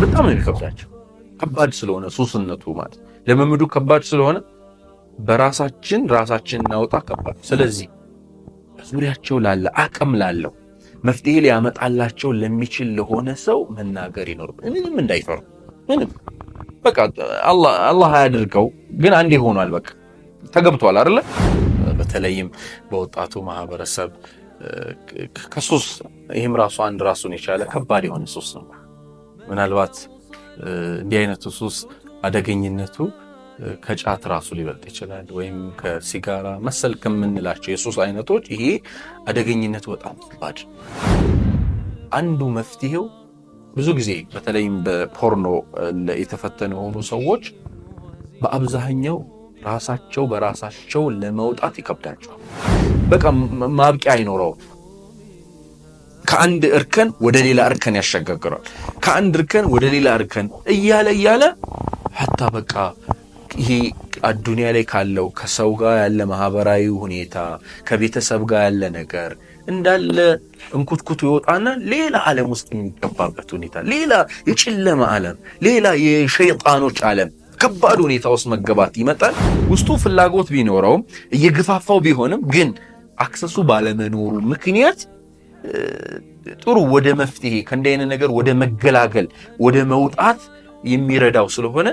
በጣም ነው የሚከብዳቸው። ከባድ ስለሆነ ሱስነቱ ማለት ለመምዱ ከባድ ስለሆነ በራሳችን ራሳችን እናውጣ ከባድ። ስለዚህ በዙሪያቸው ላለ አቅም ላለው መፍትሄ ሊያመጣላቸው ለሚችል ለሆነ ሰው መናገር ይኖርብን። ምንም እንዳይፈሩ ምንም በቃ አላህ አያድርገው፣ ግን አንዴ ሆኗል። በቃ ተገብቷል አይደለ? በተለይም በወጣቱ ማህበረሰብ ከሱስ ይህም ራሱ አንድ ራሱን የቻለ ከባድ የሆነ ሱስ ነው። ምናልባት እንዲህ አይነቱ ሱስ አደገኝነቱ ከጫት ራሱ ሊበልጥ ይችላል፣ ወይም ከሲጋራ መሰል ከምንላቸው የሱስ አይነቶች ይሄ አደገኝነቱ በጣም ከባድ። አንዱ መፍትሄው ብዙ ጊዜ በተለይም በፖርኖ የተፈተኑ የሆኑ ሰዎች በአብዛኛው ራሳቸው በራሳቸው ለመውጣት ይከብዳቸዋል። በቃ ማብቂያ አይኖረውም። ከአንድ እርከን ወደ ሌላ እርከን ያሸጋግረዋል። ከአንድ እርከን ወደ ሌላ እርከን እያለ እያለ ሀታ በቃ ይሄ አዱኒያ ላይ ካለው ከሰው ጋር ያለ ማህበራዊ ሁኔታ ከቤተሰብ ጋር ያለ ነገር እንዳለ እንኩትኩቱ ይወጣና ሌላ ዓለም ውስጥ የሚገባበት ሁኔታ፣ ሌላ የጨለማ ዓለም፣ ሌላ የሸይጣኖች ዓለም ከባድ ሁኔታ ውስጥ መገባት ይመጣል። ውስጡ ፍላጎት ቢኖረውም እየገፋፋው ቢሆንም ግን አክሰሱ ባለመኖሩ ምክንያት ጥሩ ወደ መፍትሄ ከእንዲህ አይነት ነገር ወደ መገላገል ወደ መውጣት የሚረዳው ስለሆነ